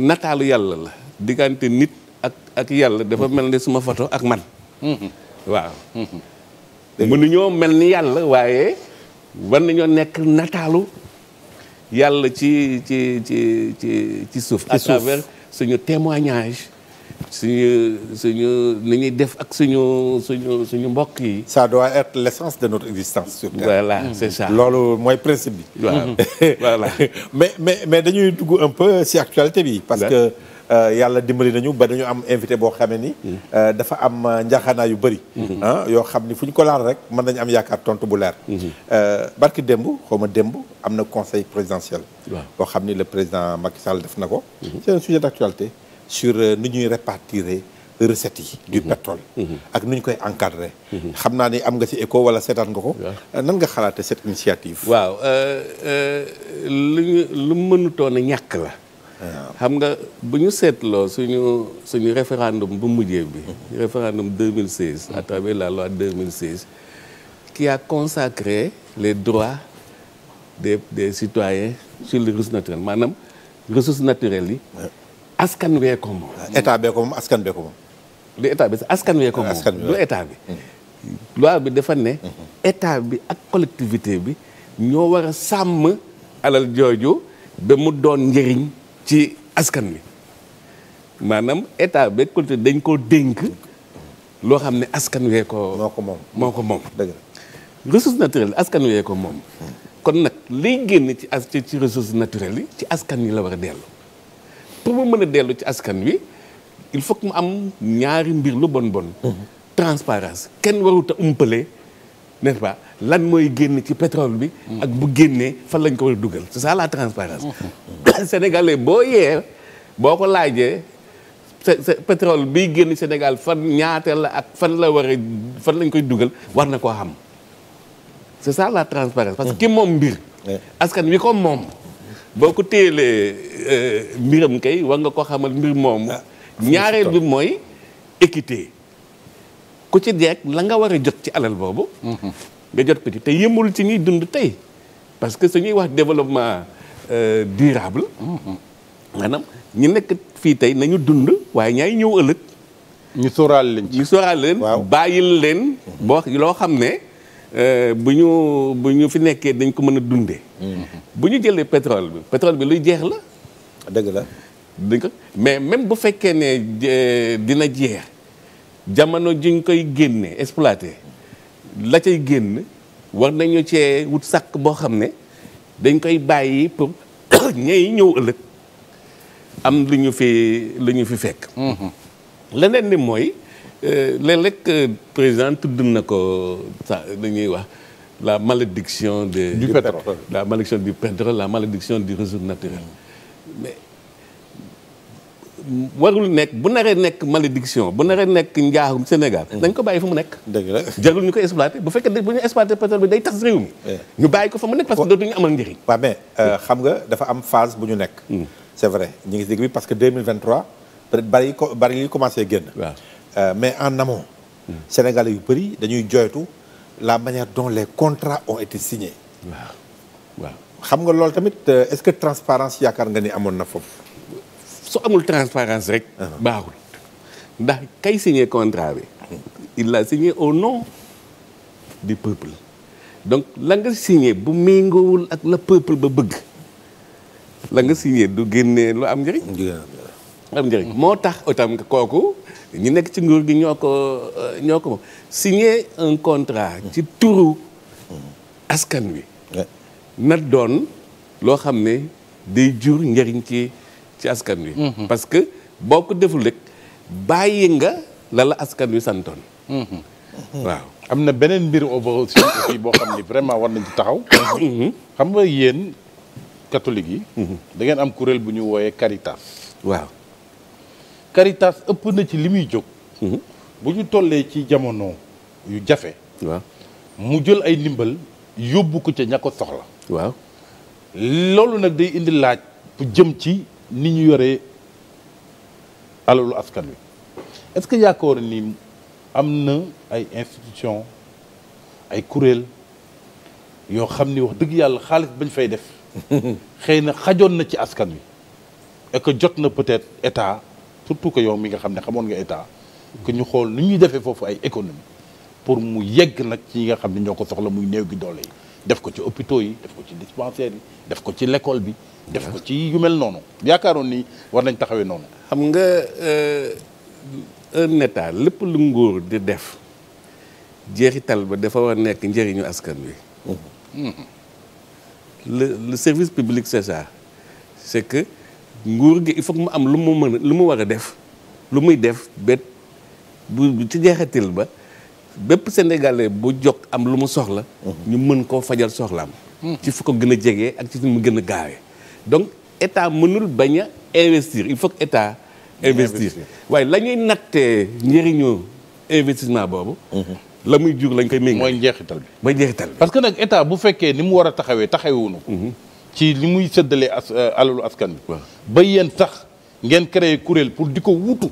nataalu yàlla la diggante nit ak ak yàlla dafa mel ni suma photo ak man mm-hmm. waaw mm-hmm. mënuñoo mel ni yàlla waaye war nañoo nekk nataalu yàlla ci ci ci ci ci suuf à travers suñu témoignage suñu suñu ni ñuy def ak suñu suñu suñu mbokk yi. ça doit être l'essence de notre existence sur terre. Mmh. c'est ça loolu mooy principe bi. waaw voilà mais mais mais dañuy dugg un peu si actualité parce que. Euh, yàlla dimbali nañu ba dañu am invité boo xamee ni. Mm. Euh, dafa am euh, njaaxaanaa yu bëri. Mm-hmm. Ah, yoo xam ni fu ñu ko laal rek mën nañu am yaakaar tontu bu leer. Mm-hmm. barki démb xaw ma démb am na conseil présidentiel. waaw xam ni le président Macky Sall def na ko. Mm-hmm. c'est un sujet d'actualité sur nu ñuy répartir. recettes yi du pétrole ak nu ñu koy encadrer xam naa ni am nga ci écho wala seetaan nga ko nan nga xalaate cette initiative waaw lu ñu lu mënutoon a ñàkk la xam nga bu ñu seetloo suñu suñu référendum bu mujjee bi. référendum 2016 à travers la loi 2016 qui a consacré les droits des des citoyens sur le ressources naturelles maanaam ressources naturelles yi. askan wee ko moom. état bee ko moom askan askan wee ko moom du état bi. Hmm. loi bi dafa ne. Hmm. état bi ak collectivité bi ñoo war a sàmm alal jooju ba mu doon njëriñ. ci askan wi maanaam état beeg collectivité dañ koo dénk loo xam ne askan wee ko. ko moom moo ko moom. dëgg la ressource askan wee ko moom. kon nag liy génn ci as ci ressources naturelles yi ci askan wi la war a dellu pour mu mën a dellu ci askan wi il faut mu am ñaari mbir lu bon bon. Mhm. transparence kenn warut umpale. n'est-ce pas lan mooy génn ci pétrole bi. ak bu génnee fan lañ ko war a dugal c'est ça la transparence mm-hmm. sénégalais boo yee boo ko laajee pétrole biy génn Sénégal fan ñaata la ak fan la war a fan lañ koy dugal war na koo xam c'est ça la transparence parce que mm-hmm. ki moom mbir. askan wi ko moom. boo ko téyelee euh, mbiram kay war nga koo xamal mbir moomu. Ah, ñaareel bi mooy équité. ku ci deeg la nga war a jot ci alal boobu. nga jot ko ci te yëmul ci ñuy dund tey parce que su ñuy wax développement euh, durable. maanaam ñu nekk fii tey nañu dund waaye ñaay ñëw ëllëg. ñu sóoraal leen ñu sóoraal bàyyil leen. boo loo xam ne. Euh, bu ñu bu ñu fi nekkee dañ ko mën a dundee. bu ñu jëlee pétrole bi pétrole bi luy jeex la. dëgg la. dëgg mais même bu fekkee ne euh, dina jeex. jamono jiñ koy génnee exploité la cay génn war nañu cee wut sàkk boo xam ne dañ koy bàyyi pour ñay ñëw ëllëg am lu ñu fi lu ñu fi fekk mhm. leneen li mooy euh, léeg-léeg euh, président tudd na ko sa ñuy wax la malédiction de du pétrole la malédiction du pétrole la malédiction du ressource warul nekk bu naree nekk malédiction bu naree nekk njaaxum Sénégal. dañ mm. ko bàyyi fa mu nekk. dëgg la jarul ñu ko exploité bu fekkee bu ñu exploité pétrole bi day tax réew mi. Eh. ñu bàyyi ko fa mu nekk parce que dootuñu amal euh, dafa am phase bu ñu nekk. Mm. c' est vrai ñu ngi si dégg bi parce que 2023 peut être bari bari li commencé génn. waaw euh, mais en amont. Mm. Sénégalais yu bëri dañuy joytu la manière dont les contrats on été signés. waaw xam nga loolu tamit euh, est ce que transparence yaakaar nga ni amoon na foofu. su amul transparence rek ah. baaxul ndax kay signé contrat bi il l'a au nom di peuple donc la nga signé bu méngoowul ak la peuple ba bëgg la nga signé du génnee lu am njëriñ njëriñ moo tax itam kooku ñu nekk ci nguur gi ñoo ko ñoo ko moom un contrat hmm. ci turu askan wi na doon loo xam ne day jur njëriñ ci ci askan wi. parce que boo ko deful rek bàyyi nga la askan wi santoon. waaw am na beneen mbir aussi aussi boo xam ni vraiment war nañ taxaw. xam nga yéen catholique yi. da am kuréel bu ñu wooyee Caritas. waaw Caritas na ci li muy jóg. Mhm. ñu tollee ci jamono yu jafe. mu jël ay ndimbal yóbbu ko ca soxla. waaw loolu nag day indi laaj bu jëm ci ni ñu yoree alalu askan wi est-ce que yaakaar ni am na ay institution ay kuréel yoo xam ni wax dëgg yàlla xaalis bañ fay def xëy na xajoon na ci askan wi et jot na peut-être état surtout ko yow mi nga xam ne xamoon nga état que ñu xool nu ñuy defee foofu ay économie pour mu yegg nag ci nga xam ne ñoo ko soxla muy néew gi doole yi def ko ci hôpitaux yi def ko ci dispensaires yi def ko ci lekkool bi def ko ci yu mel noonu yaakaaroon ni war nañ taxawee noonu xam nga euh, un état lépp lu ngóor di def jeexital ba dafa war nekk njëriñu askan wi mm-hmm. le service public c'est ça que nguur gi il faut mu am lu mu mën lu mu war a def lu muy def bet bu ci jeexital ba bépp sénégalais bu jog am lu mu soxla. ñu mën koo fajal soxlaam. Hmm. ci fu ko gën a jegee ak ci fu mu gën a gaawee. donc état mënul bañ a investir il faut état. investir waaye la ñuy nattee njëriñoo investissement boobu. Hmm. la muy jur lañ koy méngale. mooy njeexital bi mooy njeexital bi. parce que nag état bu fekkee ni mu war a taxawee taxawewuñu ko. Hmm. ci li muy séddalee as euh, alalu askan bi. ba yéen sax ngeen créé kuréel pour di ko wutu.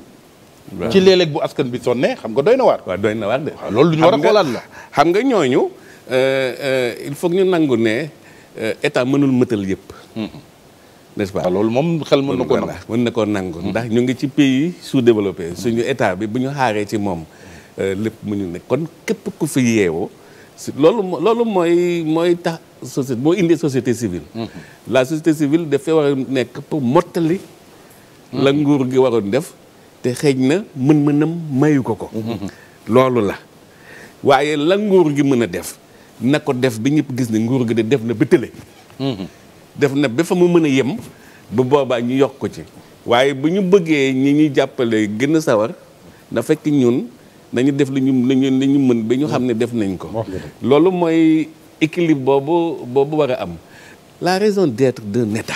ci léeg-léeg bu askan bi sonnee xam nga doy na waar. doy na waar de. loolu ñu war a xoolaat la xam nga ñooñu euh, euh, il faut ñu nangu ne euh, état mënul mëtal yëpp. Hmm. n'est-ce loolu moom xel mën na ko nangu mën na ko hmm. ndax ñu ngi ci pays sous-développé suñu état bi bu ñu xaaree ci moom lépp mu ñu ne kon képp ku fi yeewoo si loolu mooy mooy tax société moo indi société civile. Hmm. la société civile dafay war a nekk pour mottali. la nguur gi waroon def. te xëj na mën-mënam mayu ko ko. loolu la waaye la nguur gi mën a def na ko def bi ñëpp gis ne nguur gi de def na ba tële. Mhm. def na ba fa mu mën a yem bu boobaa ñu yokk ko ci waaye bu ñu bëggee ñi ñuy jàppale gën a sawar na fekk ñun nañu def lu ñu lu ñu mën ba ñu xam ne def nañ ko. loolu mooy équilibre boobu boobu war a am la raison d'être de État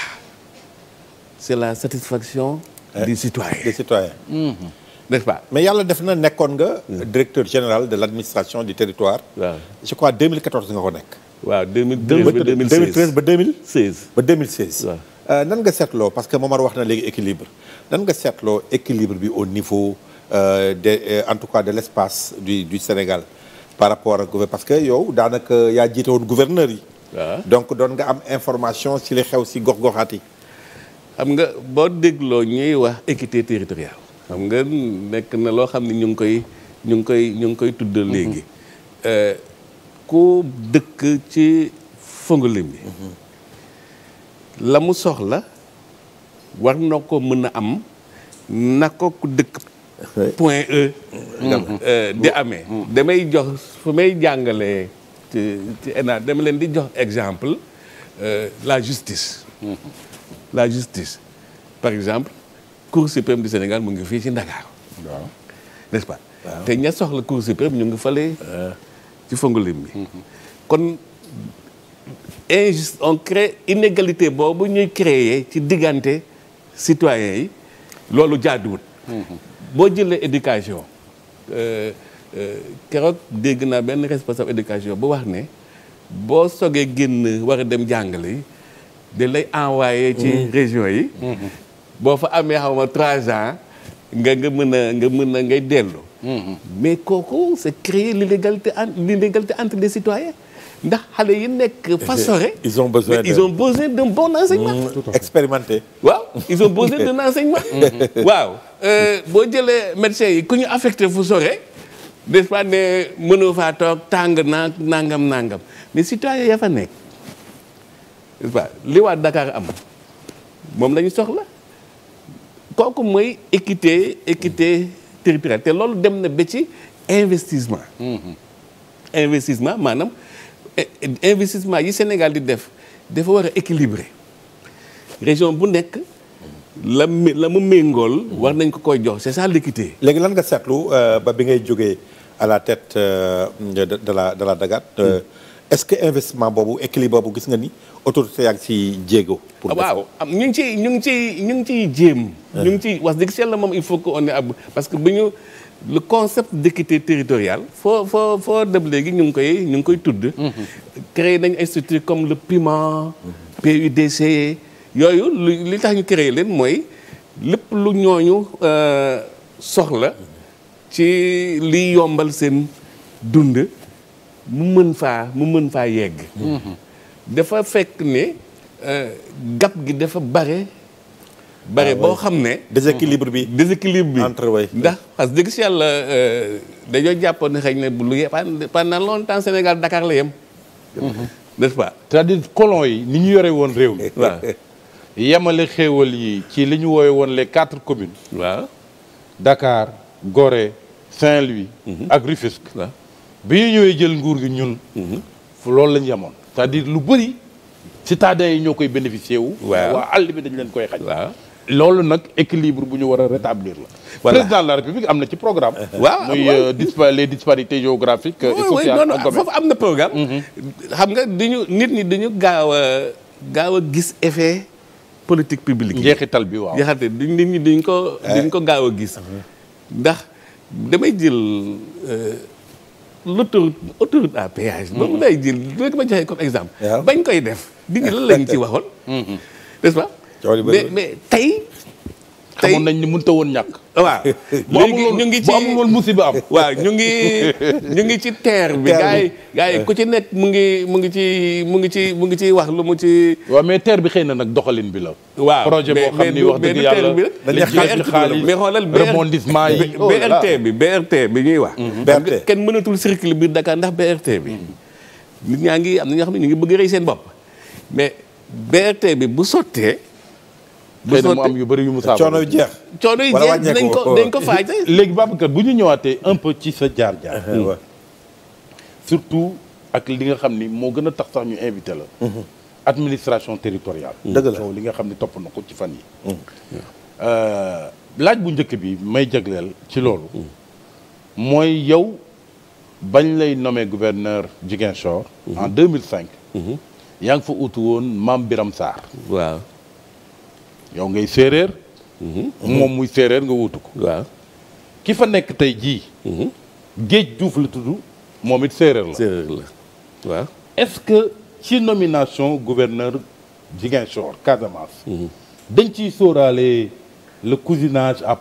c'est la satisfaction. des citoyens des citoyens. Mm-hmm. mais yàlla def na nekkoon nga. directeur général de l'administration du territoire. waaw je crois 2014 nga ko nekk. waaw 2013 ba 2016 ba 2016. waaw euh, nan nga seetloo parce que moom a wax na léegi équilibre nan nga seetloo équilibre bi au niveau euh, de euh, en tout cas de l'espace du du Sénégal par rapport ak gouvernement parce que yow daanaka yaa jiite woon gouverneur yi. donc doon nga am information si li xew si gox-goxaat xam nga boo dégloo ñuy wax équité territoriale xam nga nekk na loo xam ne ñu ngi koy ñu ngi koy ñu ngi koy tudd mhm. léegi euh, ku dëkk ci Fongolim bi mhm. la mu soxla war na ko mën a am na ko ku dëkk point E mhm. euh, di amee damay jox fu may jàngalee ci dama leen di jox exemple euh, la justice la justice par exemple cour suprême du Sénégal mu ngi fii ci Ndakaaru waaw pas te ña soxla cour suprême ñu ngi fale eh. ci fongolim bi mm-hmm. kon injuste on crée inégalité boobu ñuy créer ci diggante citoyens yi loolu jaaduwut mm-hmm. boo jëlee éducation euh, euh, keroog dégg naa benn responsable éducation bu wax ne boo sogee génn war a dem jàngale yi da lay envoyé ci mm-hmm. région yi mm-hmm. boo fa amee xaw ma trois ans nga nga mën na nga mën a ngay dellu mm-hmm. mais kooku c'est créer l'illégalité l'illégalité entre les citoyens ndax xale yi nekk fa sore ils ont besoin ils ont besoin d'un bon mm, enseignement expérimenté waaw ils ont besoin d'un enseignement waaw euh, boo jëlee médecins yi ku ñu affecté fu sore n'est-ce pas ne mënoo faa toog tàng naa nangam nangam mais citoyens yaa fa nekk waaw li waa Dakar am moom la ñu soxla kooku mooy équité équité territoriale te loolu dem na ba ci investissement. Mm-hmm. investissement maanaam eh, investissement yi Sénégal di def defa war a équilibré région bu nekk. la la mu méngool war nañ ko koy jox c'est ça l'équité léegi lan nga seetlu euh, ba bi ngay jógee à la tête euh, de la de la Dagat euh, mm. est-ce que investissement boobu équilibre boobu gis nga ni autorité yaa ngi ciy jéego. Ah, waaw am ah, ñu ngi ci ñu ngi ciy eh. ñu ngi ciy jéem. ñu ngi ciy wax dëgg yàlla moom il faut que on est ab parce que bu ñu le concept d'équité territoriale. foo foo foo dem léegi ñu ngi koy ñu ngi koy tudd. Mhm. créé nañu ay comme le PUMA. Mhm. PUDC. yooyu lu li tax ñu créé leen mooy lépp lu ñooñu euh, soxla mhm. ci liy yombal seen dund. mu mën faa mu mën faa yegg mhm. dafa fekk ne euh, gap gi dafa bare bare ah, boo xam ne déséquilibre bi déséquilibre bi entre ndax parce que dëgg si yàlla euh, dañoo jàppoon ne xëy na bu lu pendant longtemps Sénégal Dakar la yem mhm. nest pas cest colon yi ni ñu yore woon réew mi waaw yemale xéewal yi ci li ñu woowe woon les quatre communes waaw Dakar Gorée Saint-Louis mhm. ak Rufisque bi ñu ñëwee jël nguur ñu ñun. Mhm. loolu la ñu yemoon. c'est-à-dire lu bëri citadins yi ñoo koy bénéficier wu. waaw waa àll bi dañ leen koy xaj. loolu nag équilibre bu ñu war a rétablir la. voilà président de la république am na ci programme. waaw muy euh, dispa les disparités géographiques. Euh, et sociales non non am na programme. Mhm. xam nga dañu nit ñi dañu gaaw a gaaw a gis effet. politique publique yi tal bi waaw njeexital bi nit ñi dañ ko dañ ko gaaw a gis. Eh. ndax damay jël. Euh, l'autoroute autoroute à péage. Mm-hmm. boobu lay jël léegi ma joxe comme exemple. bañ koy def. digg lan lañ ci waxoon. Mm-hmm. n'est-ce pas. tey tey nañ ni mënut woon ñàkk. waaw léegi ñu ngi ci bu amul woon musiba am. waaw ñu ngi ñu ngi ci terre bi. gars yi gars yi ku ci nekk mu ngi mu ngi ci mu ngi ci mu ngi ci wax lu mu ci. waaw mais terre bi xëy na nag doxalin bi la. waa projet boo xam ni wax dëgg yàlla dañuy xaalis bi BRT bi ñuy wax. Mhm. BRT kenn mënatul circuler biir Dakar ndax BRT bi. Mhm. nit ñaa ngi am na ñoo xam ne ñu ngi bëgg rëy seen bopp mais BRT bi bu sottee. xëy na mu am yu bëri yu mu saabu coono jeex. coono yu jeex ko dañ ko faaj. léegi Babacar bu ñu ñëwaatee un peu ci sa jaar jaar. surtout ak li nga xam ni moo gën a tax sax ñu invité la. administration territoriale. dëgg la li nga xam ni topp na ko ci fan yi. Euh, laaj bu njëkk bi may jagleel ci loolu. mooy yow bañ lay nommé gouverneur Ziguinchor. en 2005. yaa ngi fa utu woon Mame Biram Sarr. yow ngay séeréer. Mhm. moom muy séeréer nga wutu ko. waaw ki fa nekk tey jii. Mhm. géej juuf la tudd moom it séeréer la. séeréer la waa est-ce que ci nomination gouverneur Ziguinchor Casamance. Mhm. dañ ciy sóoraale le cousinage à